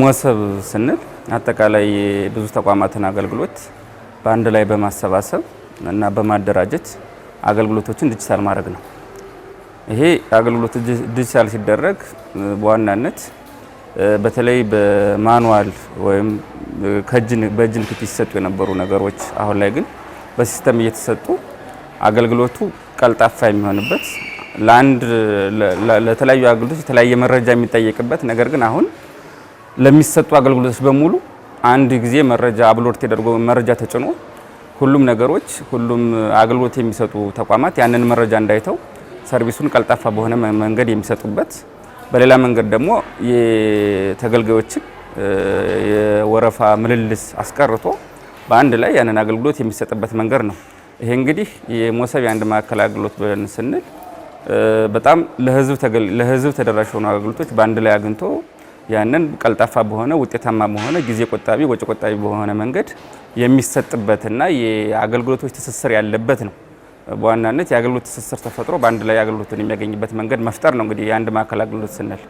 መሶብ ስንል አጠቃላይ ብዙ ተቋማትን አገልግሎት በአንድ ላይ በማሰባሰብ እና በማደራጀት አገልግሎቶችን ዲጂታል ማድረግ ነው። ይሄ አገልግሎት ዲጂታል ሲደረግ በዋናነት በተለይ በማኑዋል ወይም በእጅ ንክኪ ሲሰጡ የነበሩ ነገሮች አሁን ላይ ግን በሲስተም እየተሰጡ አገልግሎቱ ቀልጣፋ የሚሆንበት ለአንድ ለተለያዩ አገልግሎቶች የተለያየ መረጃ የሚጠየቅበት ነገር ግን አሁን ለሚሰጡ አገልግሎቶች በሙሉ አንድ ጊዜ መረጃ አብሎድ ተደርጎ መረጃ ተጭኖ ሁሉም ነገሮች ሁሉም አገልግሎት የሚሰጡ ተቋማት ያንን መረጃ እንዳይተው ሰርቪሱን ቀልጣፋ በሆነ መንገድ የሚሰጡበት፣ በሌላ መንገድ ደግሞ የተገልጋዮችን የወረፋ ምልልስ አስቀርቶ በአንድ ላይ ያንን አገልግሎት የሚሰጥበት መንገድ ነው። ይሄ እንግዲህ የሞሰብ የአንድ ማዕከል አገልግሎት ብለን ስንል በጣም ለህዝብ ተደራሽ የሆኑ አገልግሎቶች በአንድ ላይ አግኝቶ ያንን ቀልጣፋ በሆነ ውጤታማ በሆነ ጊዜ ቆጣቢ ወጪ ቆጣቢ በሆነ መንገድ የሚሰጥበትና የአገልግሎቶች ትስስር ያለበት ነው። በዋናነት የአገልግሎት ትስስር ተፈጥሮ በአንድ ላይ አገልግሎትን የሚያገኝበት መንገድ መፍጠር ነው እንግዲህ የአንድ ማዕከል አገልግሎት ስንል